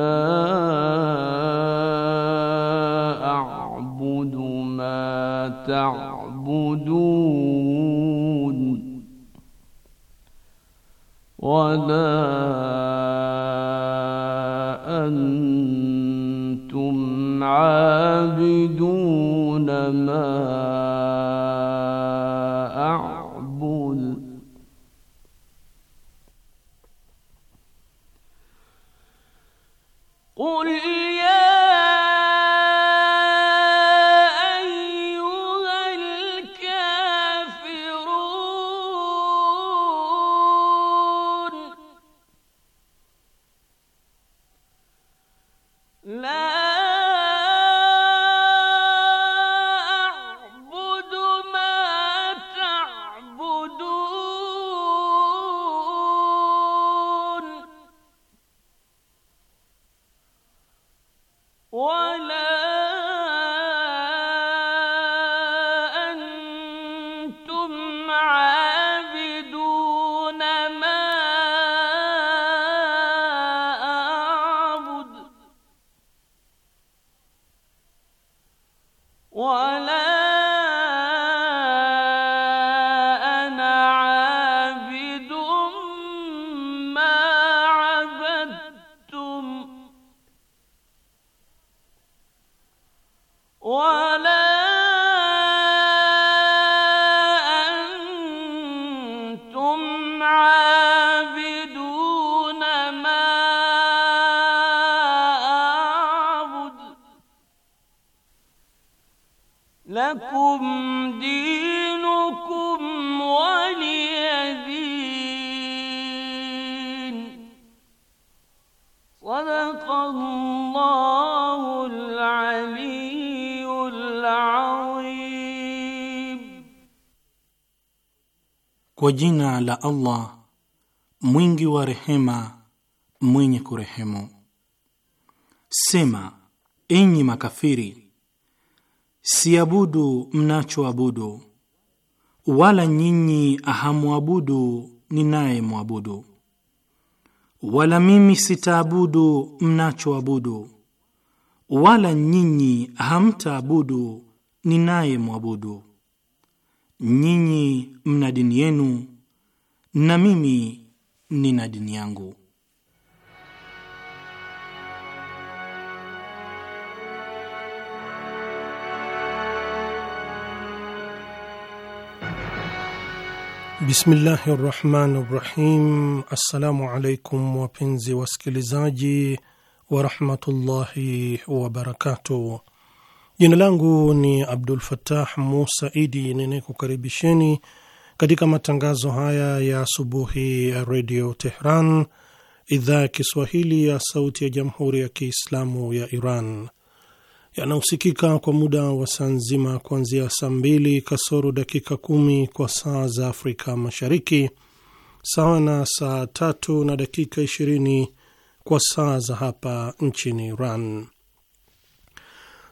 ما lakum dinukum waliyadin. aliyyul Kwa jina la Allah mwingi wa rehema mwenye kurehemu. Sema, enyi makafiri Siabudu mnachoabudu, wala nyinyi hamwabudu mwabudu Wala mimi sitaabudu mnachoabudu, wala nyinyi hamtaabudu mwabudu Nyinyi mna dini yenu na mimi nina dini yangu. Bismillahi rahmani rahim. Assalamu alaikum wapenzi wasikilizaji warahmatullahi wabarakatuh. Jina langu ni Abdul fatah Musa Idi ninayekukaribisheni katika matangazo haya ya asubuhi ya Redio Tehran, idhaa ya Kiswahili ya sauti ya jamhuri ya Kiislamu ya Iran yanahusikika kwa muda wa saa nzima kuanzia saa mbili kasoro dakika kumi kwa saa za Afrika Mashariki, sawa na saa tatu na dakika ishirini kwa saa za hapa nchini Iran.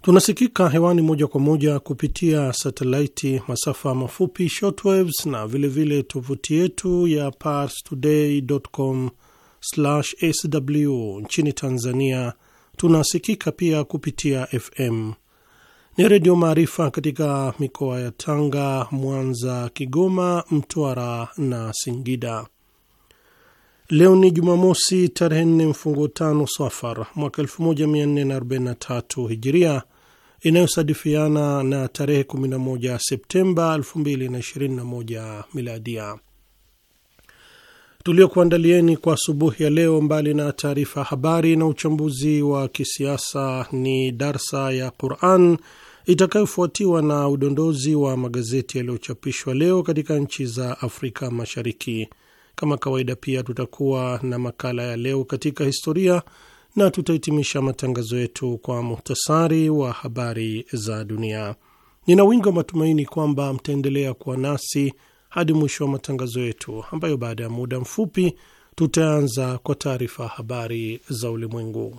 Tunasikika hewani moja kwa moja kupitia satelaiti, masafa mafupi shortwaves, na vilevile tovuti yetu ya parstoday.com/sw. Nchini Tanzania Tunasikika pia kupitia FM ni Redio Maarifa katika mikoa ya Tanga, Mwanza, Kigoma, Mtwara na Singida. Leo ni Jumamosi, tarehe 4 mfungo tano Safar mwaka 1443 Hijiria, inayosadifiana na tarehe 11 Septemba moja Miladia tuliokuandalieni kwa asubuhi ya leo, mbali na taarifa habari na uchambuzi wa kisiasa, ni darsa ya Quran itakayofuatiwa na udondozi wa magazeti yaliyochapishwa leo katika nchi za Afrika Mashariki. Kama kawaida, pia tutakuwa na makala ya leo katika historia na tutahitimisha matangazo yetu kwa muhtasari wa habari za dunia. Nina wingi wa matumaini kwamba mtaendelea kuwa nasi hadi mwisho wa matangazo yetu, ambayo baada ya muda mfupi tutaanza kwa taarifa habari za ulimwengu.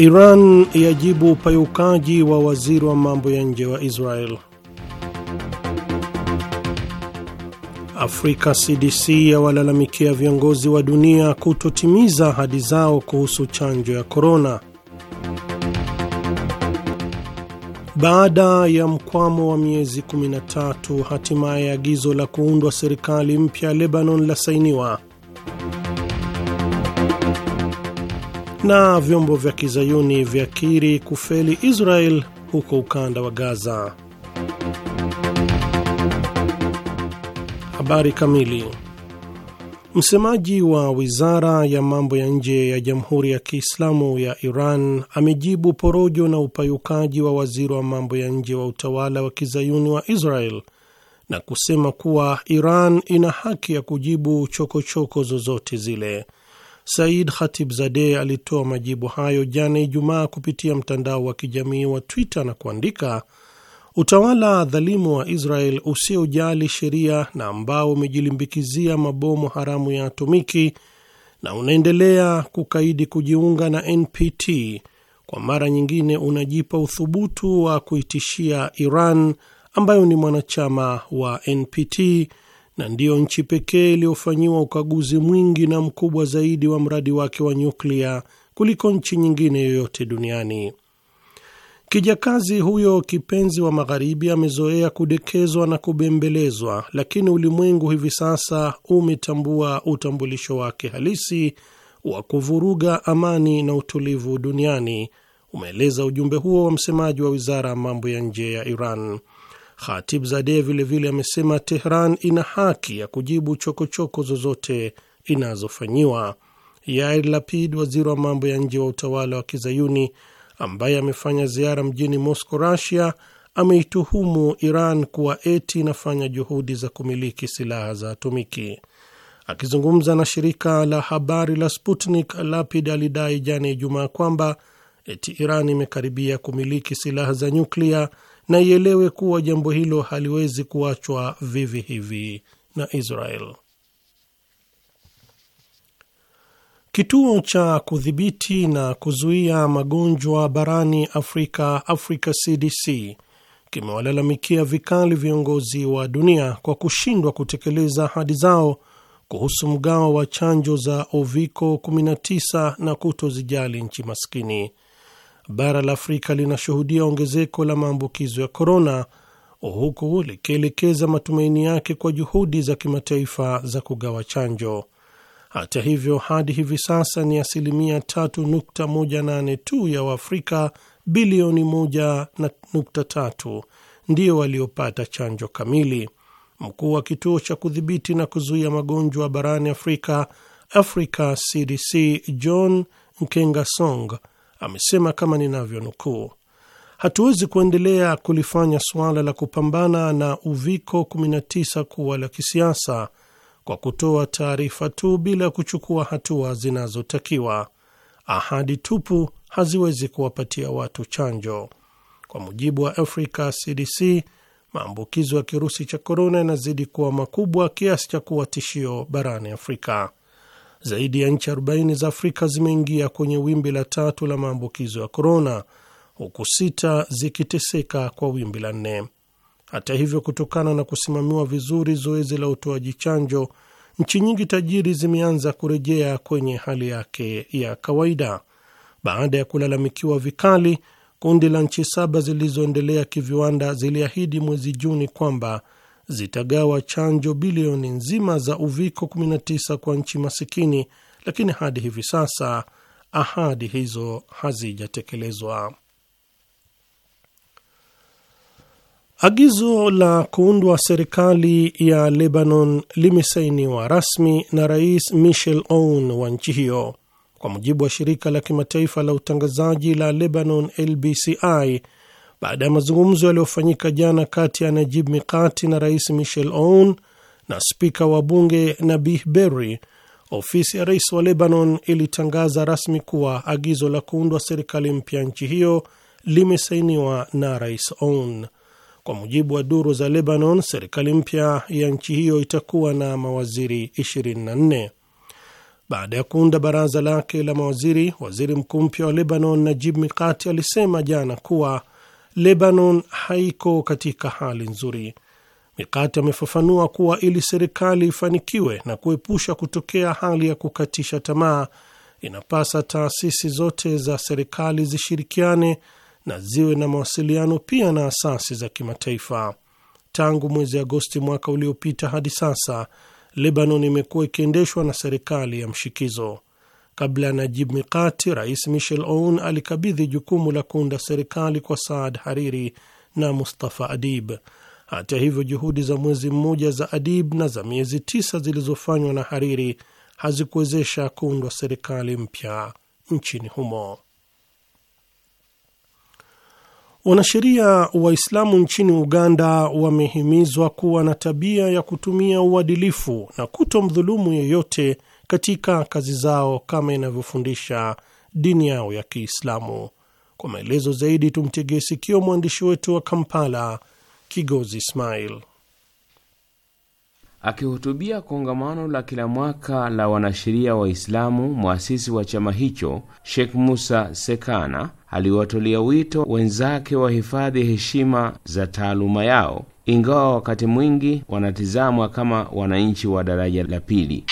Iran yajibu upayukaji wa waziri wa mambo ya nje wa Israel. Afrika CDC yawalalamikia viongozi wa dunia kutotimiza ahadi zao kuhusu chanjo ya korona. Baada ya mkwamo wa miezi 13 hatimaye agizo la kuundwa serikali mpya Lebanon la sainiwa. na vyombo vya kizayuni vyakiri kufeli Israel huko ukanda wa Gaza. Habari kamili. Msemaji wa wizara ya mambo ya nje ya Jamhuri ya Kiislamu ya Iran amejibu porojo na upayukaji wa waziri wa mambo ya nje wa utawala wa kizayuni wa Israel na kusema kuwa Iran ina haki ya kujibu chokochoko choko zozote zile. Said zade alitoa majibu hayo jana Ijumaa kupitia mtandao wa kijamii wa Twitter na kuandika, utawala dhalimu wa Israel usiojali sheria na ambao umejilimbikizia mabomu haramu ya atomiki na unaendelea kukaidi kujiunga na NPT, kwa mara nyingine unajipa uthubutu wa kuitishia Iran ambayo ni mwanachama wa NPT na ndiyo nchi pekee iliyofanyiwa ukaguzi mwingi na mkubwa zaidi wa mradi wake wa nyuklia kuliko nchi nyingine yoyote duniani. Kijakazi huyo kipenzi wa Magharibi amezoea kudekezwa na kubembelezwa, lakini ulimwengu hivi sasa umetambua utambulisho wake halisi wa kuvuruga amani na utulivu duniani, umeeleza ujumbe huo wa msemaji wa wizara ya mambo ya nje ya Iran. Khatib zade vilevile amesema Tehran ina haki ya kujibu chokochoko zozote inazofanyiwa. Yair Lapid, waziri wa mambo ya nje wa utawala wa kizayuni ambaye amefanya ziara mjini Moscow, Russia, ameituhumu Iran kuwa eti inafanya juhudi za kumiliki silaha za atomiki. Akizungumza na shirika la habari la Sputnik, Lapid alidai jana Ijumaa kwamba eti Iran imekaribia kumiliki silaha za nyuklia na ielewe kuwa jambo hilo haliwezi kuachwa vivi hivi na Israel. Kituo cha kudhibiti na kuzuia magonjwa barani Afrika, Africa CDC, kimewalalamikia vikali viongozi wa dunia kwa kushindwa kutekeleza ahadi zao kuhusu mgao wa chanjo za Uviko 19 na kutozijali nchi maskini bara la Afrika linashuhudia ongezeko la maambukizo ya korona, huku likielekeza matumaini yake kwa juhudi za kimataifa za kugawa chanjo. Hata hivyo, hadi hivi sasa ni asilimia 3.18 tu ya Waafrika bilioni 1.3 ndio waliopata chanjo kamili. Mkuu wa kituo cha kudhibiti na kuzuia magonjwa barani Afrika, Africa CDC, John Nkengasong amesema kama ninavyonukuu, hatuwezi kuendelea kulifanya suala la kupambana na uviko 19 kuwa la kisiasa kwa kutoa taarifa tu bila kuchukua hatua zinazotakiwa. Ahadi tupu haziwezi kuwapatia watu chanjo. Kwa mujibu wa Africa CDC, maambukizo ya kirusi cha korona yanazidi kuwa makubwa kiasi cha kuwa tishio barani Afrika zaidi ya nchi 40 za Afrika zimeingia kwenye wimbi la tatu la maambukizo ya korona, huku sita zikiteseka kwa wimbi la nne. Hata hivyo, kutokana na kusimamiwa vizuri zoezi la utoaji chanjo, nchi nyingi tajiri zimeanza kurejea kwenye hali yake ya kawaida baada ya kulalamikiwa vikali. Kundi la nchi saba zilizoendelea kiviwanda ziliahidi mwezi Juni kwamba zitagawa chanjo bilioni nzima za uviko 19 kwa nchi masikini, lakini hadi hivi sasa ahadi hizo hazijatekelezwa. Agizo la kuundwa serikali ya Lebanon limesainiwa rasmi na Rais Michel Aoun wa nchi hiyo. Kwa mujibu wa shirika la kimataifa la utangazaji la Lebanon, LBCI, baada ya mazungumzo yaliyofanyika jana kati ya Najib Mikati na Rais Michel Aoun na spika wa bunge Nabih Berri, ofisi ya rais wa Lebanon ilitangaza rasmi kuwa agizo la kuundwa serikali mpya nchi hiyo limesainiwa na Rais Aoun. Kwa mujibu wa duru za Lebanon, serikali mpya ya nchi hiyo itakuwa na mawaziri 24. Baada ya kuunda baraza lake la mawaziri, waziri mkuu mpya wa Lebanon Najib Mikati alisema jana kuwa Lebanon haiko katika hali nzuri. Mikati amefafanua kuwa ili serikali ifanikiwe na kuepusha kutokea hali ya kukatisha tamaa, inapasa taasisi zote za serikali zishirikiane na ziwe na mawasiliano pia na asasi za kimataifa. Tangu mwezi Agosti mwaka uliopita hadi sasa, Lebanon imekuwa ikiendeshwa na serikali ya mshikizo. Kabla Najib Mikati, Rais Michel Aoun alikabidhi jukumu la kuunda serikali kwa Saad Hariri na Mustafa Adib. Hata hivyo, juhudi za mwezi mmoja za Adib na za miezi tisa zilizofanywa na Hariri hazikuwezesha kuundwa serikali mpya nchini humo. Wanasheria Waislamu nchini Uganda wamehimizwa kuwa na tabia ya kutumia uadilifu na kutomdhulumu yeyote katika kazi zao kama inavyofundisha dini yao ya Kiislamu. Kwa maelezo zaidi, tumtegee sikio mwandishi wetu wa Kampala, Kigozi Ismail. Akihutubia kongamano la kila mwaka la wanasheria Waislamu, mwasisi wa chama hicho Sheikh Musa Sekana aliwatolia wito wenzake wahifadhi heshima za taaluma yao, ingawa wakati mwingi wanatizamwa kama wananchi wa daraja la pili.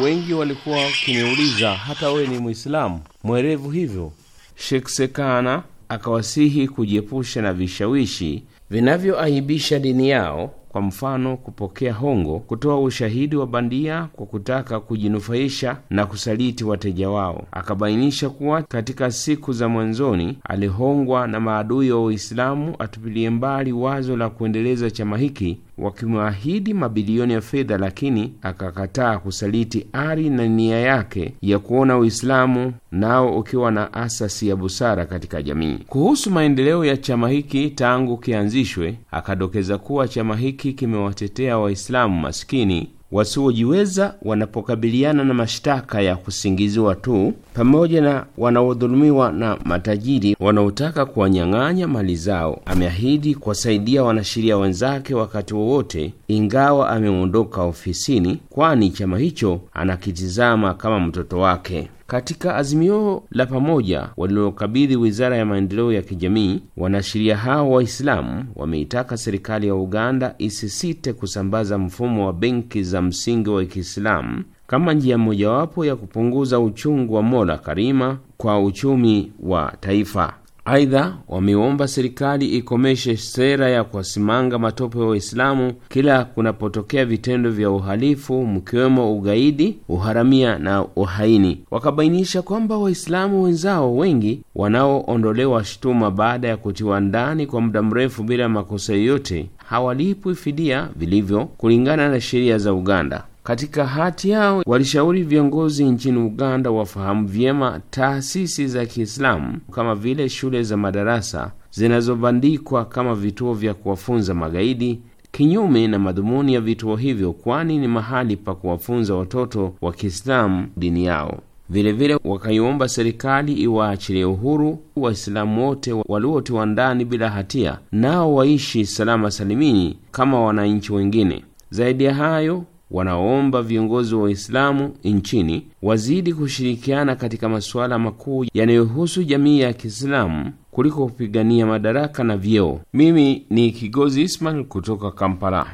Wengi walikuwa wakiniuliza hata wewe ni Muislamu mwerevu hivyo? shekh Sekana akawasihi kujiepusha na vishawishi vinavyoaibisha dini yao, kwa mfano kupokea hongo, kutoa ushahidi wa bandia kwa kutaka kujinufaisha na kusaliti wateja wao. Akabainisha kuwa katika siku za mwanzoni alihongwa na maadui wa Uislamu atupilie mbali wazo la kuendeleza chama hiki wakimwahidi mabilioni ya fedha, lakini akakataa kusaliti ari na nia yake ya kuona Uislamu nao ukiwa na asasi ya busara katika jamii. Kuhusu maendeleo ya chama hiki tangu kianzishwe, akadokeza kuwa chama hiki kimewatetea Waislamu maskini wasiojiweza wanapokabiliana na mashtaka ya kusingiziwa tu, pamoja na wanaodhulumiwa na matajiri wanaotaka kuwanyang'anya mali zao. Ameahidi kuwasaidia wanasheria wenzake wakati wowote, ingawa ameondoka ofisini, kwani chama hicho anakitizama kama mtoto wake. Katika azimio la pamoja walilokabidhi wizara ya maendeleo ya kijamii, wanasheria hao Waislamu wameitaka serikali ya Uganda isisite kusambaza mfumo wa benki za msingi wa Kiislamu kama njia mojawapo ya kupunguza uchungu wa Mola Karima kwa uchumi wa taifa. Aidha, wameomba serikali ikomeshe sera ya kuwasimanga matope wa Waislamu kila kunapotokea vitendo vya uhalifu, mkiwemo ugaidi, uharamia na uhaini. Wakabainisha kwamba Waislamu wenzao wengi wanaoondolewa shutuma baada ya kutiwa ndani kwa muda mrefu bila makosa yoyote hawalipwi fidia vilivyo kulingana na sheria za Uganda. Katika hati yao walishauri viongozi nchini Uganda wafahamu vyema taasisi za Kiislamu kama vile shule za madarasa zinazobandikwa kama vituo vya kuwafunza magaidi, kinyume na madhumuni ya vituo hivyo, kwani ni mahali pa kuwafunza watoto wa Kiislamu dini yao. Vilevile wakaiomba serikali iwaachilie uhuru Waislamu wote waliotiwa ndani bila hatia, nao waishi salama salimini kama wananchi wengine. Zaidi ya hayo wanaoomba viongozi wa Uislamu nchini wazidi kushirikiana katika masuala makuu yanayohusu jamii ya Kiislamu kuliko kupigania madaraka na vyeo. Mimi ni Kigozi Ismail kutoka Kampala.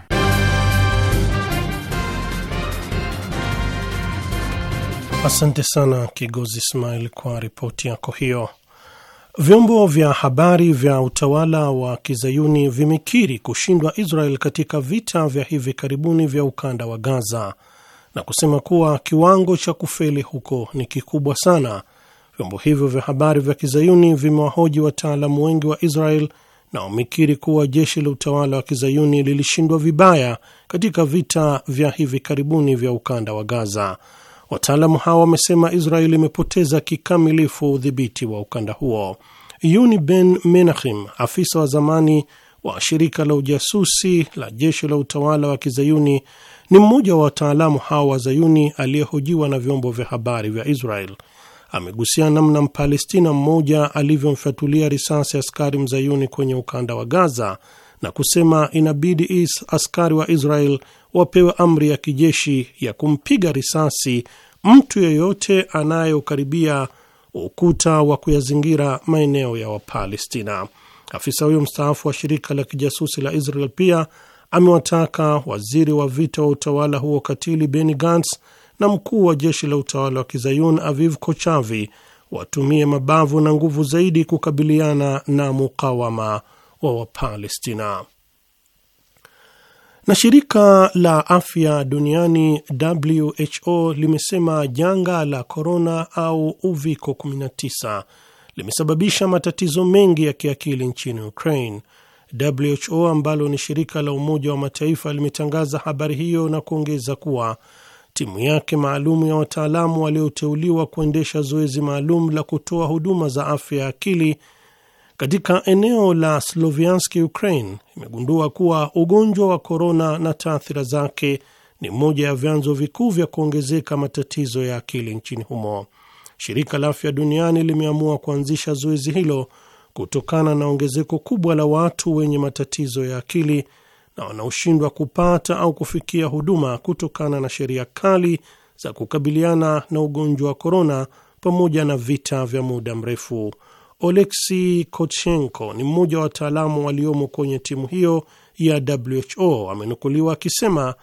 Asante sana Kigozi Ismail kwa ripoti yako hiyo. Vyombo vya habari vya utawala wa kizayuni vimekiri kushindwa Israel katika vita vya hivi karibuni vya ukanda wa Gaza na kusema kuwa kiwango cha kufeli huko ni kikubwa sana. Vyombo hivyo vya habari vya kizayuni vimewahoji wataalamu wengi wa Israel na wamekiri kuwa jeshi la utawala wa kizayuni lilishindwa vibaya katika vita vya hivi karibuni vya ukanda wa Gaza. Wataalamu hawa wamesema Israel imepoteza kikamilifu udhibiti wa ukanda huo. Yuni Ben Menachim, afisa wa zamani wa shirika la ujasusi la jeshi la utawala wa kizayuni, ni mmoja wa wataalamu hawa wa zayuni aliyehojiwa na vyombo vya habari vya Israel. Amegusia namna Mpalestina mmoja alivyomfyatulia risasi askari mzayuni kwenye ukanda wa Gaza na kusema inabidi askari wa Israel wapewe amri ya kijeshi ya kumpiga risasi mtu yeyote anayeukaribia ukuta wa kuyazingira maeneo ya Wapalestina. Afisa huyo mstaafu wa shirika la kijasusi la Israel pia amewataka waziri wa vita wa utawala huo katili Benny Gantz na mkuu wa jeshi la utawala wa kizayun Aviv Kochavi watumie mabavu na nguvu zaidi kukabiliana na mukawama wa Wapalestina. Na shirika la afya duniani WHO limesema janga la korona au uviko 19 limesababisha matatizo mengi ya kiakili nchini Ukraine. WHO ambalo ni shirika la Umoja wa Mataifa limetangaza habari hiyo na kuongeza kuwa timu yake maalum ya wataalamu walioteuliwa kuendesha zoezi maalum la kutoa huduma za afya ya akili katika eneo la Slovianski, Ukraine, imegundua kuwa ugonjwa wa korona na taathira zake ni moja ya vyanzo vikuu vya kuongezeka matatizo ya akili nchini humo. Shirika la Afya Duniani limeamua kuanzisha zoezi hilo kutokana na ongezeko kubwa la watu wenye matatizo ya akili na wanaoshindwa kupata au kufikia huduma kutokana na sheria kali za kukabiliana na ugonjwa wa korona pamoja na vita vya muda mrefu. Oleksi Kochenko ni mmoja wa wataalamu waliomo kwenye timu hiyo ya WHO amenukuliwa akisema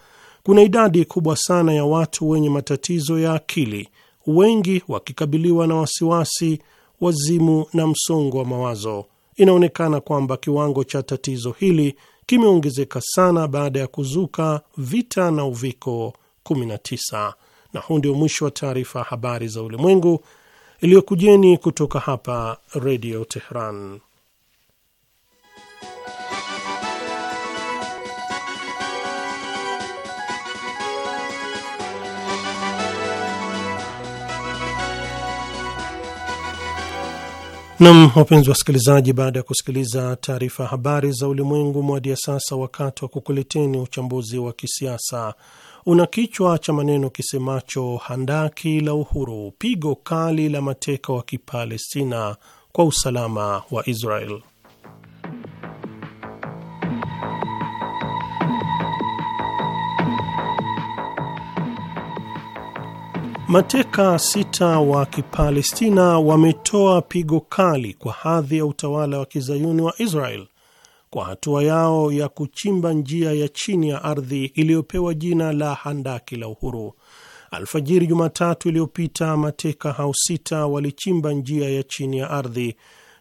kuna idadi kubwa sana ya watu wenye matatizo ya akili, wengi wakikabiliwa na wasiwasi, wazimu na msongo wa mawazo. Inaonekana kwamba kiwango cha tatizo hili kimeongezeka sana baada ya kuzuka vita na uviko 19. Na huu ndio mwisho wa taarifa habari za ulimwengu iliyokujeni kutoka hapa Redio Tehran. Nam, wapenzi wasikilizaji, baada ya kusikiliza taarifa habari za ulimwengu, mwadi ya sasa wakati wa kukuleteni uchambuzi wa kisiasa una kichwa cha maneno kisemacho handaki la uhuru, pigo kali la mateka wa Kipalestina kwa usalama wa Israel. Mateka sita wa Kipalestina wametoa pigo kali kwa hadhi ya utawala wa kizayuni wa Israel kwa hatua yao ya kuchimba njia ya chini ya ardhi iliyopewa jina la handaki la uhuru. Alfajiri Jumatatu iliyopita mateka hao sita walichimba njia ya chini ya ardhi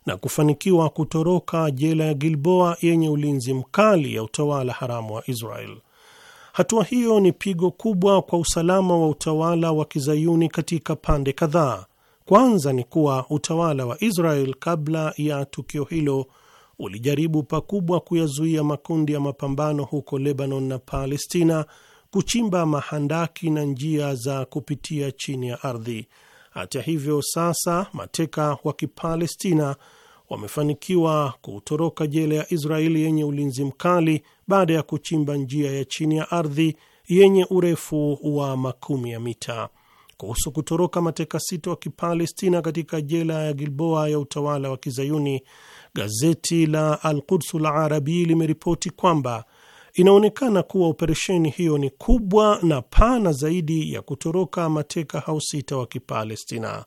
na kufanikiwa kutoroka jela ya Gilboa yenye ulinzi mkali ya utawala haramu wa Israel. Hatua hiyo ni pigo kubwa kwa usalama wa utawala wa kizayuni katika pande kadhaa. Kwanza ni kuwa utawala wa Israel kabla ya tukio hilo ulijaribu pakubwa kuyazuia makundi ya mapambano huko Lebanon na Palestina kuchimba mahandaki na njia za kupitia chini ya ardhi. Hata hivyo, sasa mateka wa Kipalestina wamefanikiwa kutoroka jela ya Israeli yenye ulinzi mkali baada ya kuchimba njia ya chini ya ardhi yenye urefu wa makumi ya mita. Kuhusu kutoroka mateka sita wa Kipalestina katika jela ya Gilboa ya utawala wa Kizayuni, gazeti la Al Quds Arabi limeripoti kwamba inaonekana kuwa operesheni hiyo ni kubwa na pana zaidi ya kutoroka mateka hao sita wa Kipalestina,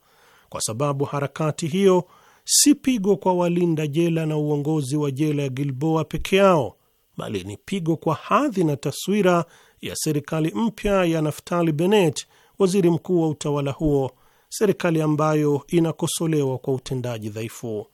kwa sababu harakati hiyo si pigo kwa walinda jela na uongozi wa jela ya Gilboa peke yao, bali ni pigo kwa hadhi na taswira ya serikali mpya ya Naftali Bennett, waziri mkuu wa utawala huo, serikali ambayo inakosolewa kwa utendaji dhaifu.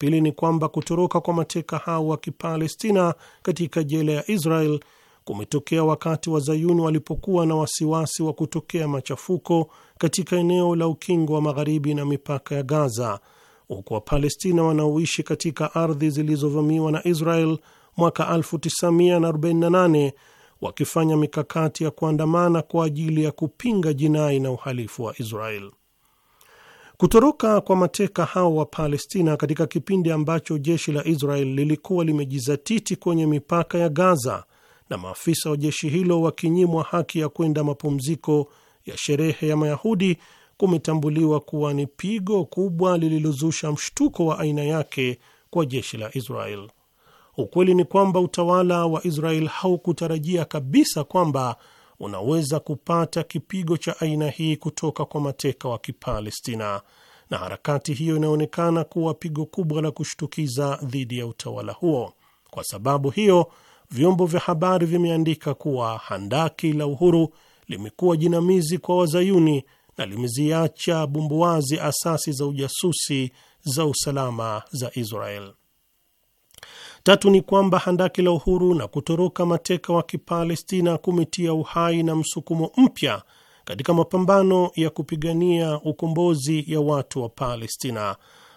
Pili ni kwamba kutoroka kwa mateka hao wa Kipalestina katika jela ya Israel kumetokea wakati wa zayuni walipokuwa na wasiwasi wa kutokea machafuko katika eneo la ukingo wa magharibi na mipaka ya Gaza, huku Wapalestina wanaoishi katika ardhi zilizovamiwa na Israel mwaka 1948 wakifanya mikakati ya kuandamana kwa ajili ya kupinga jinai na uhalifu wa Israel. Kutoroka kwa mateka hao wa Palestina katika kipindi ambacho jeshi la Israel lilikuwa limejizatiti kwenye mipaka ya Gaza na maafisa wa jeshi hilo wakinyimwa haki ya kwenda mapumziko ya sherehe ya Mayahudi kumetambuliwa kuwa ni pigo kubwa lililozusha mshtuko wa aina yake kwa jeshi la Israel. Ukweli ni kwamba utawala wa Israel haukutarajia kabisa kwamba unaweza kupata kipigo cha aina hii kutoka kwa mateka wa Kipalestina, na harakati hiyo inaonekana kuwa pigo kubwa la kushtukiza dhidi ya utawala huo. Kwa sababu hiyo, vyombo vya habari vimeandika kuwa handaki la uhuru limekuwa jinamizi kwa wazayuni na limeziacha bumbuwazi asasi za ujasusi za usalama za Israel. Tatu ni kwamba handaki la uhuru na kutoroka mateka wa Kipalestina kumetia uhai na msukumo mpya katika mapambano ya kupigania ukombozi ya watu wa Palestina.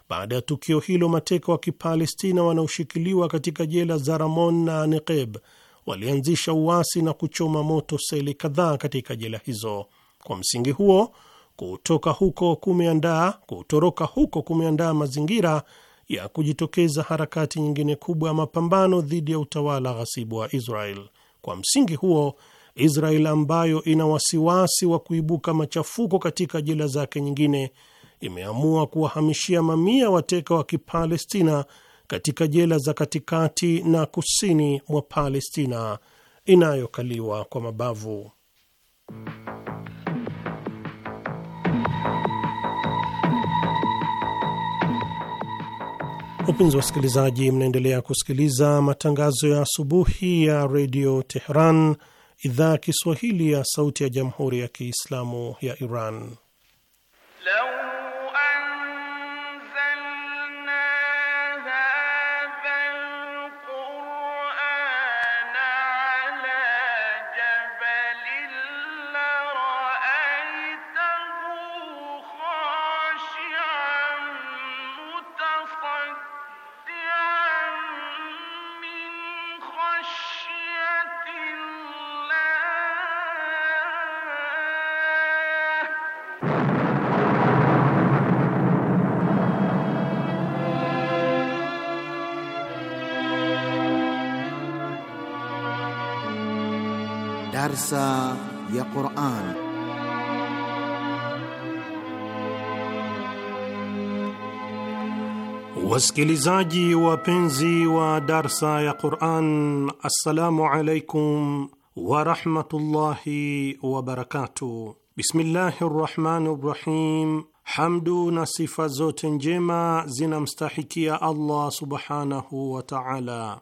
Baada ya tukio hilo, mateka wa Kipalestina wanaoshikiliwa katika jela za Ramon na Neqeb walianzisha uasi na kuchoma moto seli kadhaa katika jela hizo. Kwa msingi huo, kutoka huko kumeandaa kutoroka huko kumeandaa mazingira ya kujitokeza harakati nyingine kubwa ya mapambano dhidi ya utawala ghasibu wa Israel. Kwa msingi huo, Israel ambayo ina wasiwasi wa kuibuka machafuko katika jela zake nyingine imeamua kuwahamishia mamia wateka wa Kipalestina katika jela za katikati na kusini mwa Palestina inayokaliwa kwa mabavu. Wapenzi wasikilizaji, mnaendelea kusikiliza matangazo ya asubuhi ya redio Teheran, idhaa ya Kiswahili ya sauti ya jamhuri ya kiislamu ya Iran Hello. darsa ya Qur'an. Wasikilizaji wapenzi wa darsa ya Qur'an, assalamu alaikum wa wabarakatuh Bismillahi rahmani rahim. Hamdu na sifa zote njema zinamstahikia Allah subhanahu wa ta'ala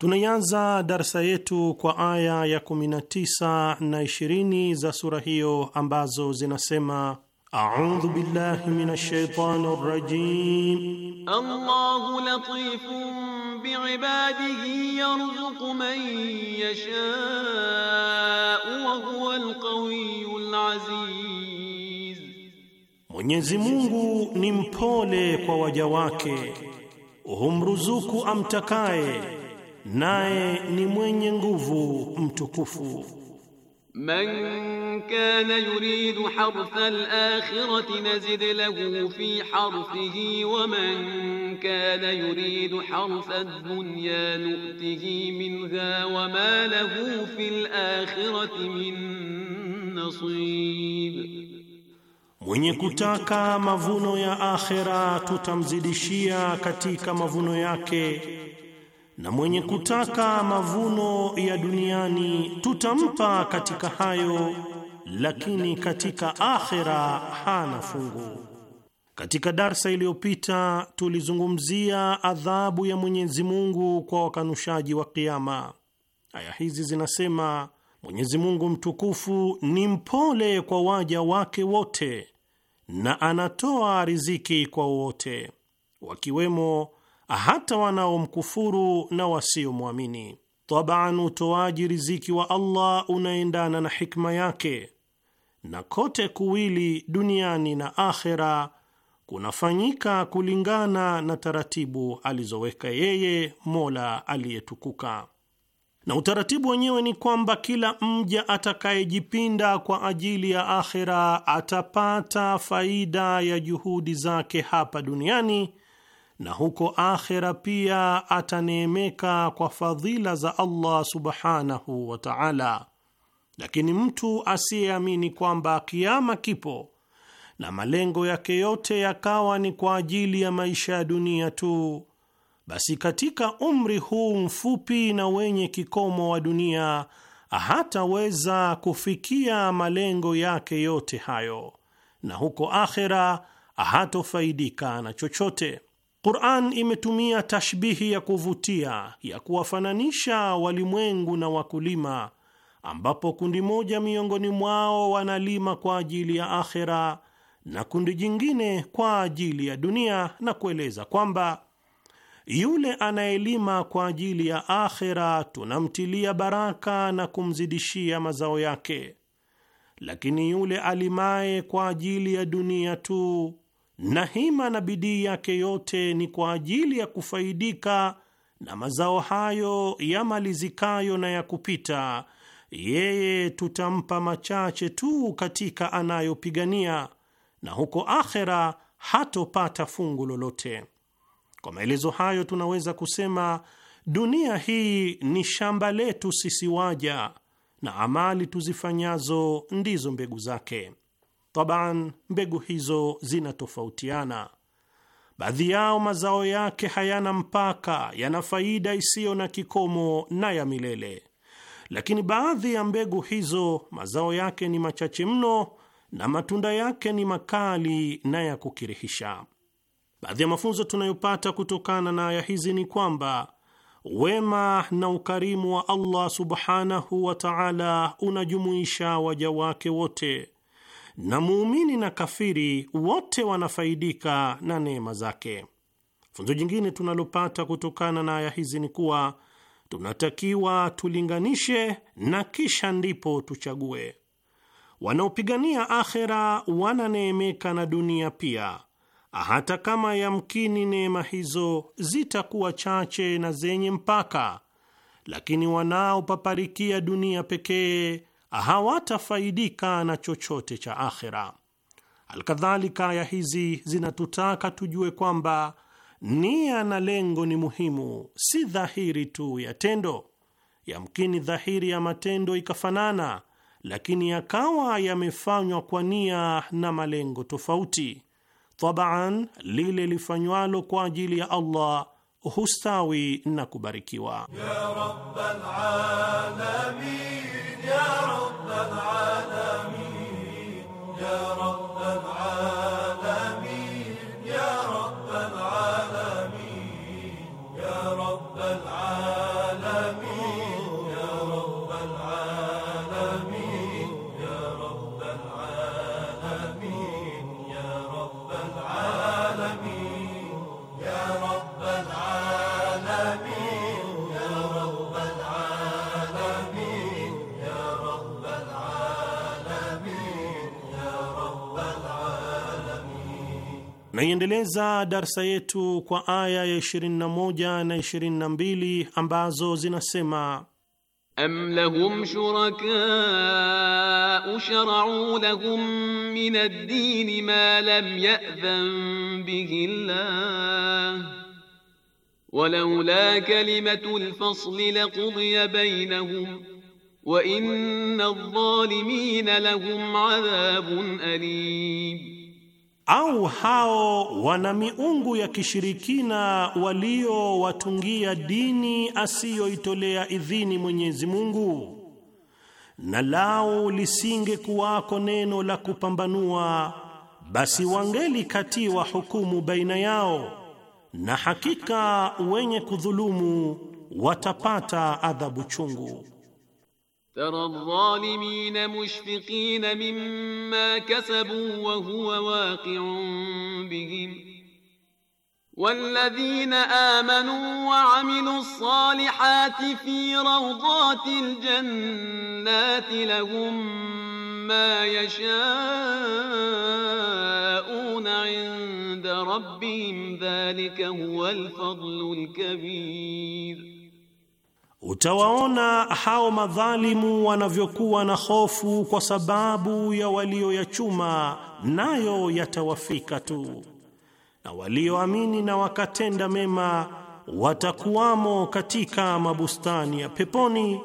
Tunaianza darsa yetu kwa aya ya 19 na 20 za sura hiyo ambazo zinasema: audhu billahi minash shaitani rajim, Allahu latifun biibadihi yarzuqu man yashau wa huwal qawiyyul aziz, Mwenyezi Mungu ni mpole kwa waja wake, humruzuku amtakaye naye ni mwenye nguvu mtukufu. Man kana yuridu harfa al-akhirati nazid lahu fi harthihi wa man kana yuridu harfa ad-dunya nu'tihi minha wa ma lahu fi al-akhirati min nasib, mwenye kutaka mavuno ya akhera tutamzidishia katika mavuno yake na mwenye kutaka mavuno ya duniani tutampa katika hayo, lakini katika akhera hana fungu. Katika darsa iliyopita tulizungumzia adhabu ya Mwenyezi Mungu kwa wakanushaji wa Kiama. Aya hizi zinasema Mwenyezi Mungu mtukufu ni mpole kwa waja wake wote na anatoa riziki kwa wote wakiwemo hata wanaomkufuru na wasiomwamini. Taban, utoaji riziki wa Allah unaendana na hikma yake, na kote kuwili duniani na akhera kunafanyika kulingana na taratibu alizoweka yeye Mola aliyetukuka. Na utaratibu wenyewe ni kwamba kila mja atakayejipinda kwa ajili ya akhera atapata faida ya juhudi zake hapa duniani na huko akhera pia ataneemeka kwa fadhila za Allah subhanahu wa ta'ala. Lakini mtu asiyeamini kwamba kiama kipo na malengo yake yote yakawa ni kwa ajili ya maisha ya dunia tu, basi katika umri huu mfupi na wenye kikomo wa dunia hataweza kufikia malengo yake yote hayo, na huko akhera hatofaidika na chochote. Qur'an imetumia tashbihi ya kuvutia ya kuwafananisha walimwengu na wakulima, ambapo kundi moja miongoni mwao wanalima kwa ajili ya akhera na kundi jingine kwa ajili ya dunia, na kueleza kwamba yule anayelima kwa ajili ya akhera tunamtilia baraka na kumzidishia mazao yake, lakini yule alimaye kwa ajili ya dunia tu na hima na bidii yake yote ni kwa ajili ya kufaidika na mazao hayo yamalizikayo na ya kupita, yeye tutampa machache tu katika anayopigania, na huko akhera hatopata fungu lolote. Kwa maelezo hayo, tunaweza kusema dunia hii ni shamba letu sisi waja, na amali tuzifanyazo ndizo mbegu zake. Taban, mbegu hizo zinatofautiana. Baadhi yao mazao yake hayana mpaka, yana faida isiyo na kikomo na ya milele, lakini baadhi ya mbegu hizo mazao yake ni machache mno na matunda yake ni makali na ya kukirihisha. Baadhi ya mafunzo tunayopata kutokana na aya hizi ni kwamba wema na ukarimu wa Allah subhanahu wa ta'ala unajumuisha waja wake wote na muumini na kafiri wote wanafaidika na neema zake. Funzo jingine tunalopata kutokana na aya hizi ni kuwa tunatakiwa tulinganishe na kisha ndipo tuchague. Wanaopigania akhera wananeemeka na dunia pia, hata kama yamkini neema hizo zitakuwa chache na zenye mpaka, lakini wanaopaparikia dunia pekee hawatafaidika na chochote cha akhira. Alkadhalika, aya hizi zinatutaka tujue kwamba nia na lengo ni muhimu, si dhahiri tu ya tendo. Yamkini dhahiri ya matendo ikafanana, lakini yakawa yamefanywa kwa nia na malengo tofauti. Tabaan, lile lifanywalo kwa ajili ya Allah hustawi na kubarikiwa ya Rabbal alamin. يا رب العالمين يا رب العالمين يا رب العالمين يا رب العالمين Tunaiendeleza darsa yetu kwa aya ya 21 na 22 ambazo zinasema am lahum shuraka sharau lahum min ad-din ma lam ya'dhan bihi Allah ولولا كلمة الفصل لقضي بينهم وإن الظالمين لهم عذاب أليم au hao wana miungu ya kishirikina waliowatungia dini asiyoitolea idhini Mwenyezi Mungu, na lau lisingekuwako neno la kupambanua, basi wangelikatiwa hukumu baina yao, na hakika wenye kudhulumu watapata adhabu chungu. ترى الظالمين مشفقين مما كسبوا وهو واقع بهم والذين امنوا وعملوا الصالحات في روضات الجنات لهم ما يشاءون عند ربهم ذلك هو الفضل الكبير Utawaona hao madhalimu wanavyokuwa na hofu kwa sababu ya walioyachuma, nayo yatawafika tu, na walioamini na wakatenda mema watakuwamo katika mabustani ya peponi,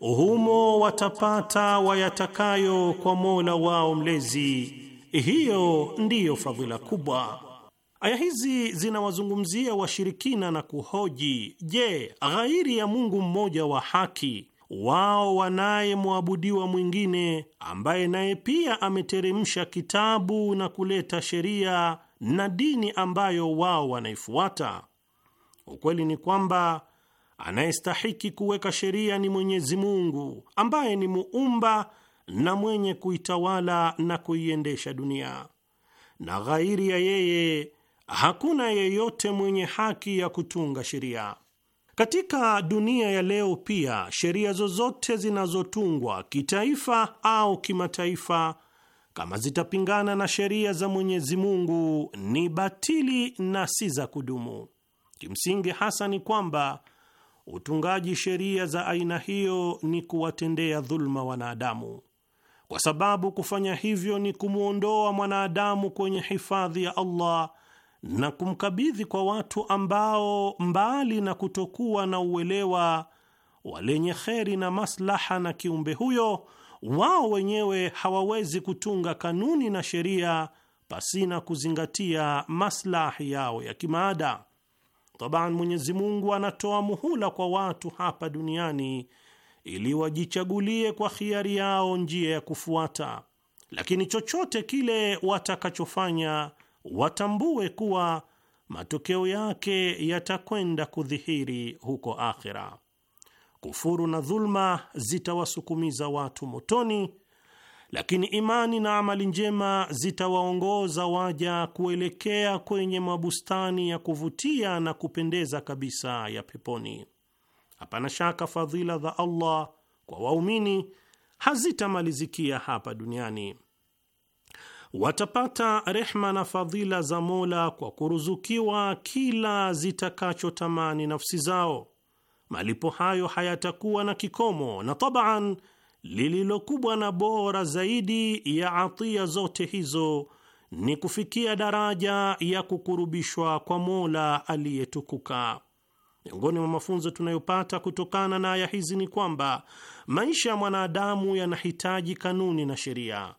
humo watapata wayatakayo kwa Mola wao Mlezi. Hiyo ndiyo fadhila kubwa. Aya hizi zinawazungumzia washirikina na kuhoji, je, ghairi ya Mungu mmoja wa haki wao wanayemwabudiwa mwingine ambaye naye pia ameteremsha kitabu na kuleta sheria na dini ambayo wao wanaifuata. Ukweli ni kwamba anayestahiki kuweka sheria ni Mwenyezi Mungu ambaye ni muumba na mwenye kuitawala na kuiendesha dunia, na ghairi ya yeye hakuna yeyote mwenye haki ya kutunga sheria. Katika dunia ya leo pia, sheria zozote zinazotungwa kitaifa au kimataifa, kama zitapingana na sheria za Mwenyezi Mungu, ni batili na si za kudumu. Kimsingi hasa ni kwamba utungaji sheria za aina hiyo ni kuwatendea dhuluma wanadamu, kwa sababu kufanya hivyo ni kumwondoa mwanadamu kwenye hifadhi ya Allah na kumkabidhi kwa watu ambao mbali na kutokuwa na uelewa walenye kheri na maslaha na kiumbe huyo, wao wenyewe hawawezi kutunga kanuni na sheria pasina kuzingatia maslahi yao ya kimaada. Taban, Mwenyezi Mungu anatoa muhula kwa watu hapa duniani ili wajichagulie kwa khiari yao njia ya kufuata, lakini chochote kile watakachofanya watambue kuwa matokeo yake yatakwenda kudhihiri huko akhira. Kufuru na dhulma zitawasukumiza watu motoni, lakini imani na amali njema zitawaongoza waja kuelekea kwenye mabustani ya kuvutia na kupendeza kabisa ya peponi. Hapana shaka fadhila za Allah kwa waumini hazitamalizikia hapa duniani watapata rehma na fadhila za Mola kwa kuruzukiwa kila zitakachotamani nafsi zao. Malipo hayo hayatakuwa na kikomo, na tabaan, lililo kubwa na bora zaidi ya atiya zote hizo ni kufikia daraja ya kukurubishwa kwa Mola aliyetukuka. Miongoni mwa mafunzo tunayopata kutokana na aya hizi ni kwamba maisha ya mwanadamu yanahitaji kanuni na sheria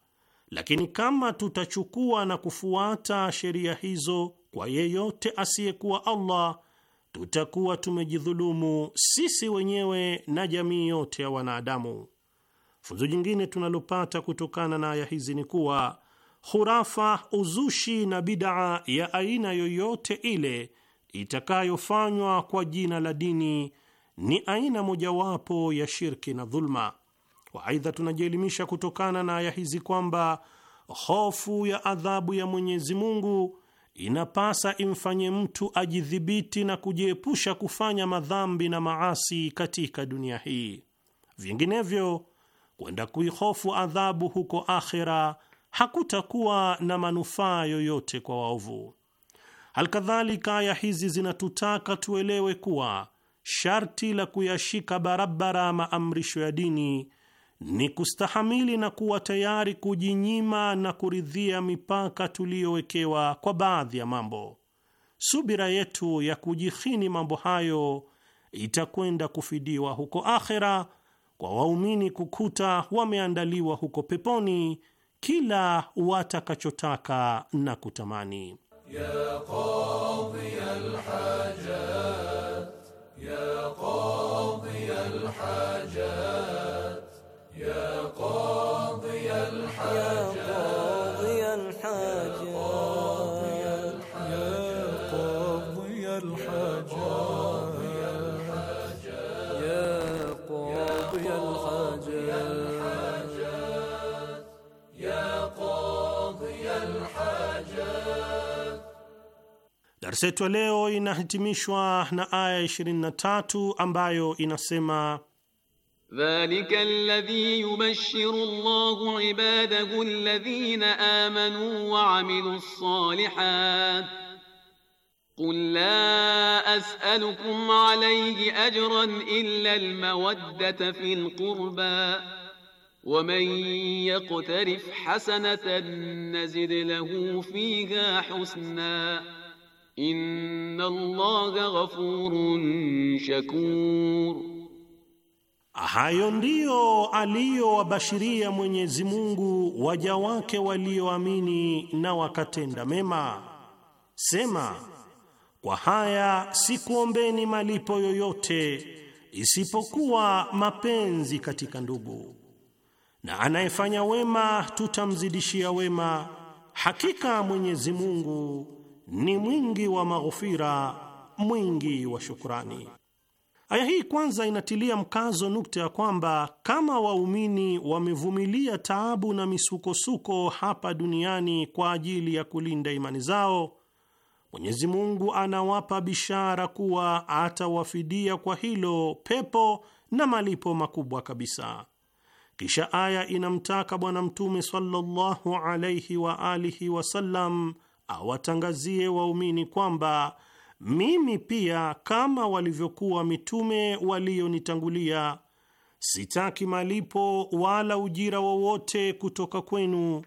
lakini kama tutachukua na kufuata sheria hizo kwa yeyote asiyekuwa Allah, tutakuwa tumejidhulumu sisi wenyewe na jamii yote ya wanadamu. Funzo jingine tunalopata kutokana na aya hizi ni kuwa hurafa, uzushi na bidaa ya aina yoyote ile itakayofanywa kwa jina la dini ni aina mojawapo ya shirki na dhulma. Waaidha, tunajielimisha kutokana na aya hizi kwamba hofu ya adhabu ya Mwenyezi Mungu inapasa imfanye mtu ajidhibiti na kujiepusha kufanya madhambi na maasi katika dunia hii, vinginevyo kwenda kuihofu adhabu huko akhera hakutakuwa na manufaa yoyote kwa waovu. Halkadhalika, aya hizi zinatutaka tuelewe kuwa sharti la kuyashika barabara maamrisho ya dini ni kustahamili na kuwa tayari kujinyima na kuridhia mipaka tuliyowekewa kwa baadhi ya mambo. Subira yetu ya kujihini mambo hayo itakwenda kufidiwa huko akhera, kwa waumini kukuta wameandaliwa huko peponi kila watakachotaka na kutamani ya قاضي الحاجات يا قاضي الحاجات يا قاضي الحاجات يا قاضي الحاجات يا قاضي الحاجات Darsa yetu ya leo inahitimishwa na aya 23 ambayo inasema ذلك الذي يبشر الله عباده الذين امنوا وعملوا الصالحات قل لا اسالكم عليه اجرا الا الموده في القربى ومن يقترف حسنه نزد له فيها حسنا ان الله غفور شكور Hayo ndiyo aliyowabashiria Mwenyezi Mungu waja wake walioamini na wakatenda mema. Sema, kwa haya sikuombeni malipo yoyote isipokuwa mapenzi katika ndugu, na anayefanya wema tutamzidishia wema. Hakika Mwenyezi Mungu ni mwingi wa maghfira, mwingi wa shukrani. Aya hii kwanza inatilia mkazo nukta ya kwamba kama waumini wamevumilia taabu na misukosuko hapa duniani kwa ajili ya kulinda imani zao, Mwenyezi Mungu anawapa bishara kuwa atawafidia kwa hilo pepo na malipo makubwa kabisa. Kisha aya inamtaka Bwana Mtume sallallahu alaihi wa alihi wasallam awatangazie waumini kwamba mimi pia kama walivyokuwa mitume walionitangulia, sitaki malipo wala ujira wowote kutoka kwenu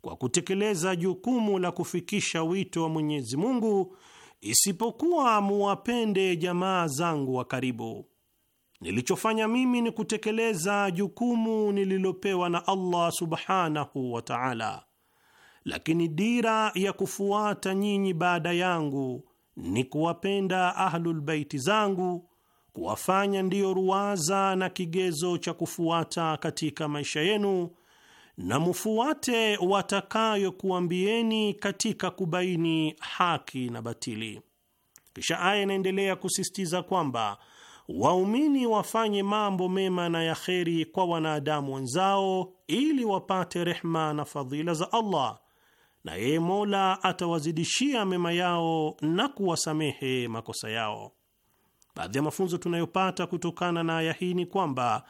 kwa kutekeleza jukumu la kufikisha wito wa Mwenyezi Mungu, isipokuwa muwapende jamaa zangu wa karibu. Nilichofanya mimi ni kutekeleza jukumu nililopewa na Allah subhanahu wa ta'ala, lakini dira ya kufuata nyinyi baada yangu ni kuwapenda Ahlulbeiti zangu, kuwafanya ndiyo ruwaza na kigezo cha kufuata katika maisha yenu, na mufuate watakayokuambieni katika kubaini haki na batili. Kisha aya inaendelea kusisitiza kwamba waumini wafanye mambo mema na ya kheri kwa wanadamu wenzao ili wapate rehma na fadhila za Allah na yeye Mola atawazidishia mema yao na kuwasamehe makosa yao. Baadhi ya mafunzo tunayopata kutokana na aya hii ni kwamba